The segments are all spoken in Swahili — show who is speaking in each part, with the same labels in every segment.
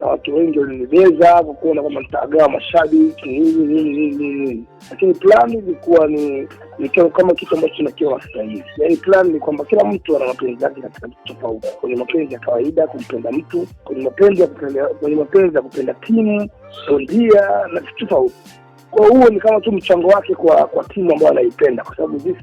Speaker 1: na watu wengi walinibeza kwa kuona kwamba nitaagawa mashabiki nini nini nini nini, lakini plan ilikuwa ni nikiwa kama kitu ambacho nakiwa wastahili. Yani plan ni kwamba kila mtu ana mapenzi yake katika kitu tofauti, kwenye mapenzi ya kawaida kumpenda mtu, kwenye mapenzi ya kupenda, kwenye mapenzi ya kupenda timu, bondia na vitu tofauti kwa huo ni kama tu mchango wake kwa kwa timu ambayo anaipenda, kwa sababu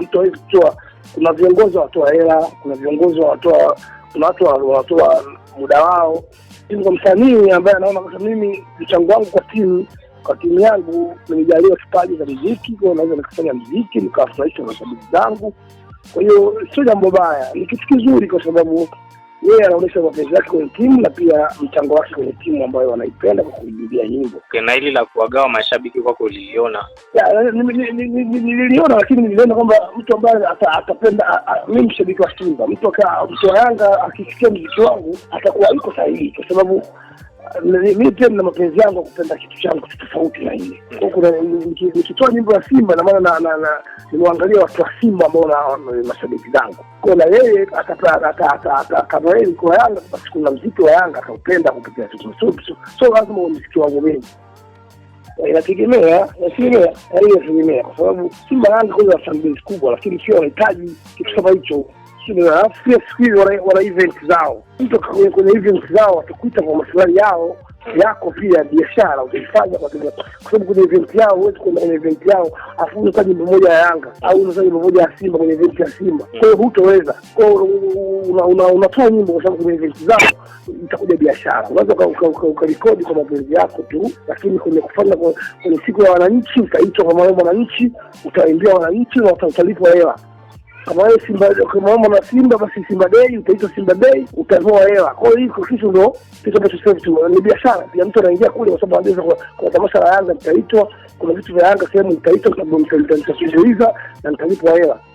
Speaker 1: mtu hawezi kutoa. Kuna viongozi wanatoa hela, kuna viongozi wanatoa, kuna watu wanatoa muda wao, lakini kwa msanii ambaye anaona kwamba mimi mchango wangu kwa timu kwa timu yangu nimejaliwa kipaji za muziki, kwa naweza nikafanya muziki nikawafurahisha mashabiki zangu. Kwa hiyo sio jambo baya, ni kitu kizuri, kwa sababu yeye anaonyesha mapenzi yake kwenye timu na pia mchango wake kwenye timu ambayo wanaipenda kwa kuijulia nyimbo.
Speaker 2: Na hili la kuwagawa mashabiki kwako uliliona?
Speaker 1: Nililiona, lakini niliona kwamba mtu ambaye atapenda, mi mshabiki wa Simba, mtu wa Yanga akisikia mziki wangu atakuwa iko sahihi, kwa sababu mimi pia nina mapenzi yangu ya kupenda kitu changu tofauti na hili huku. Nikitoa nyimbo ya Simba na maana nimeangalia watu wa Simba ambao na mashabiki zangu ko na yeye akazoeli kwa Yanga, basi kuna mziki wa Yanga akaupenda kupitia tutususu, so lazima umziki wangu mengi eh, inategemea inategemea yaani inategemea kwa sababu Simba Yanga kuna fanbase kubwa, lakini sio wanahitaji kitu kama hicho ya uh, pia siku hizi wana event zao. Mtu kwenye event zao watakuita kwa maslahi yao yako, pia biashara utaifanya kwa sababu kwenye event yao. Huwezi kwenda kwenye event yao afu unataka nyimbo moja ya Yanga au unataka nyimbo moja ya Simba kwenye event ya Simba. Kwa hiyo hutoweza, kwa hiyo unatoa nyimbo kwa sababu kwenye event zao itakuja biashara. Unaweza ukarekodi kwa mapenzi yako tu, lakini kwenye kufanya kwenye siku ya wananchi utaitwa kwa mwananchi, utaimbia wananchi na utalipwa hela ambayo Simba ukimuomba na Simba basi Simba Day utaitwa Simba Day, utavoa hela. Kwa hiyo hiko kitu ndo kitu ambacho sasa ni biashara pia mtu anaingia kule, kwa sababu anaweza kwa tamasha la Yanga nitaitwa, kuna vitu vya Yanga sehemu nitaitwa, kwa sababu nitasikiliza na nitalipwa hela.